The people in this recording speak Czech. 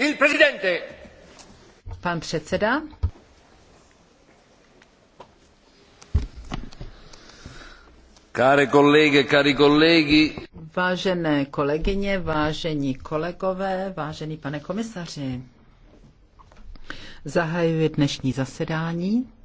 Il presidente. Pan předseda. Care colleghe, cari colleghi. Vážené kolegyně, vážení kolegové, vážený pane komisaři. Zahajuji dnešní zasedání.